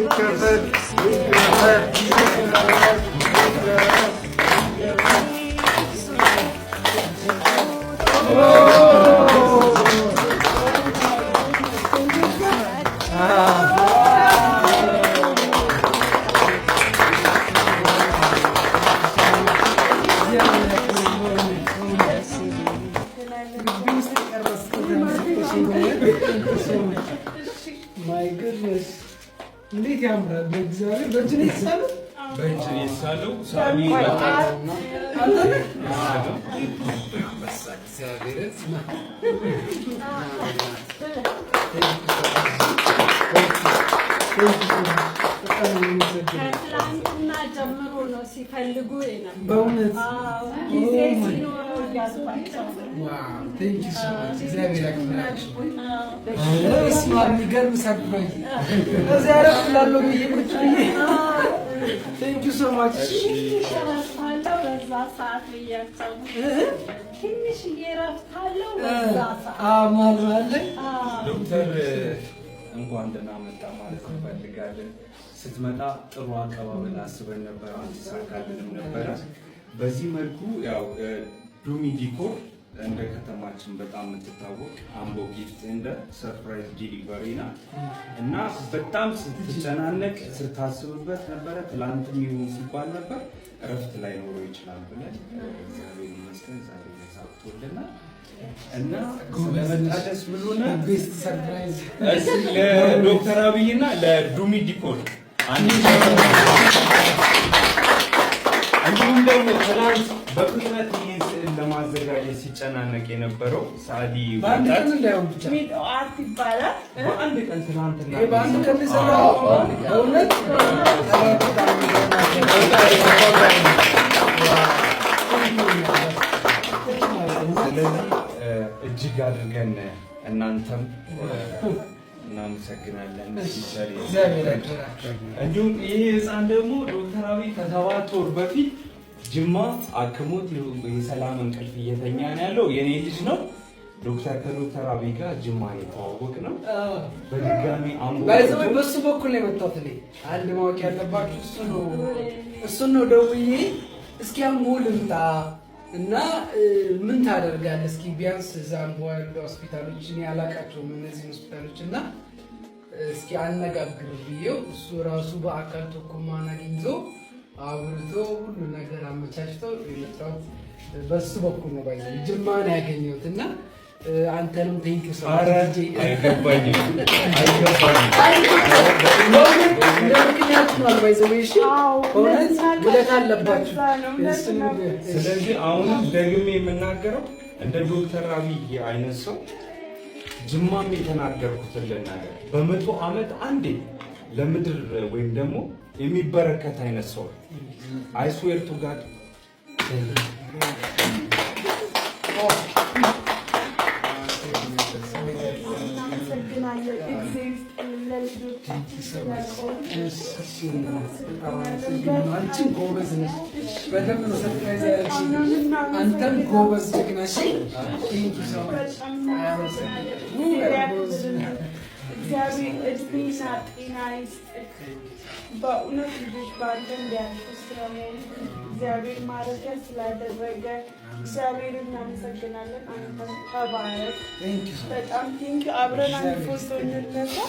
Büyük köpek, büyük köpek, በእንጨት ነው የተሳለው። በእንጨት ነው የተሳለው። ሳሚ ከትላንትና ጀምሮ ነው ሲፈልጉ በእውነት የሚገርም ሰርፕራይዝ እዚህ አረፍ ላለው ዶክተር እንኳን ደህና መጣ ማለት እንፈልጋለን። ስትመጣ ጥሩ አቀባበል አስበን ነበር፣ አልተሳካልንም ነበረ። በዚህ መልኩ ያው ሉሚ ዲኮር እንደ ከተማችን በጣም የምትታወቅ አምቦ ጊፍት እንደ ሰርፕራይዝ ዲሊቨሪ ናት እና በጣም ስትጨናነቅ ስታስብበት ነበረ። ትላንትም ይሁን ሲባል ነበር እረፍት ላይ ኖሮ ይችላል ብለን እግዚአብሔር ይመስገን ዛሬ ተሳክቶልናል እና ስለመጣ ደስ ለዶክተር አብይና ለዱሚ ዲኮር እንዲሁም ደግሞ ትናንት በፍጥነት ይህ ለማዘጋጀት ሲጨናነቅ የነበረው ሳዲ እጅግ አድርገን እናንተም እናመሰግናለን። እንዲሁም ይህ ህፃን ደግሞ ዶክተር አብይ ከሰባት ወር በፊት ጅማ አክሞት የሰላም እንቅልፍ እየተኛ ነው ያለው። የኔ ልጅ ነው። ዶክተር ከዶክተር አብይ ጋር ጅማ የተዋወቅ ነው። በድጋሚ አምቦ በሱ በኩል ነው የመጣሁት። አንድ ማወቅ ያለባችሁ እሱ ነው እሱ ነው። ደውዬ እስኪ አምቦ ልምጣ እና ምን ታደርጋለህ እስኪ ቢያንስ እዛ አምቦ ያሉ ሆስፒታሎች እኔ አላውቃቸውም እነዚህ ሆስፒታሎች እና እስኪ አነጋግር ብዬው እሱ ራሱ በአካል ቶኮማን አግኝቶ አብርቶ ሁሉ ነገር አመቻችቶ የመጣሁት በሱ በኩል ነው። ባይዘ ጅማ ነው ያገኘሁት እና አንተንም ቴንክ ስለዚህ አሁን ደግሜ የምናገረው እንደ ዶክተር አብይ አይነት ሰው ጅማም የተናገርኩትን ልናገር በመቶ ዓመት አንዴ ለምድር ወይም ደግሞ የሚበረከት አይነት ሰው አይስዌር ቱ ጋድ ጎበዝ ነሽ፣ በደንብ ነው ሰርፕራይዝ አንተም ጎበዝ እግዚአብሔር እድሜና ጤና ይስጥህ። በእውነት ልጆች በአንተ ስለሆኑ እግዚአብሔር ማረፊያ ስላደረገ እግዚአብሔር እናመሰግናለን። አንተም ተባረክ። በጣም አብረን እንነሳ።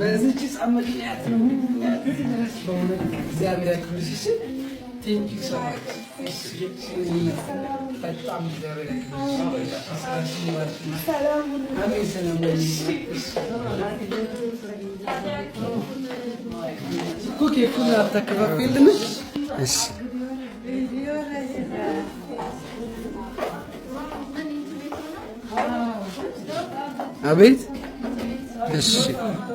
በዚችስ ምክንያት ነው ምክንያት በሆነ እግዚአብሔር ያክብርሽ። ቴንኪ ሰማች በጣም እኮ ኬኩን አታከፋፍልም። እሺ አቤት እሺ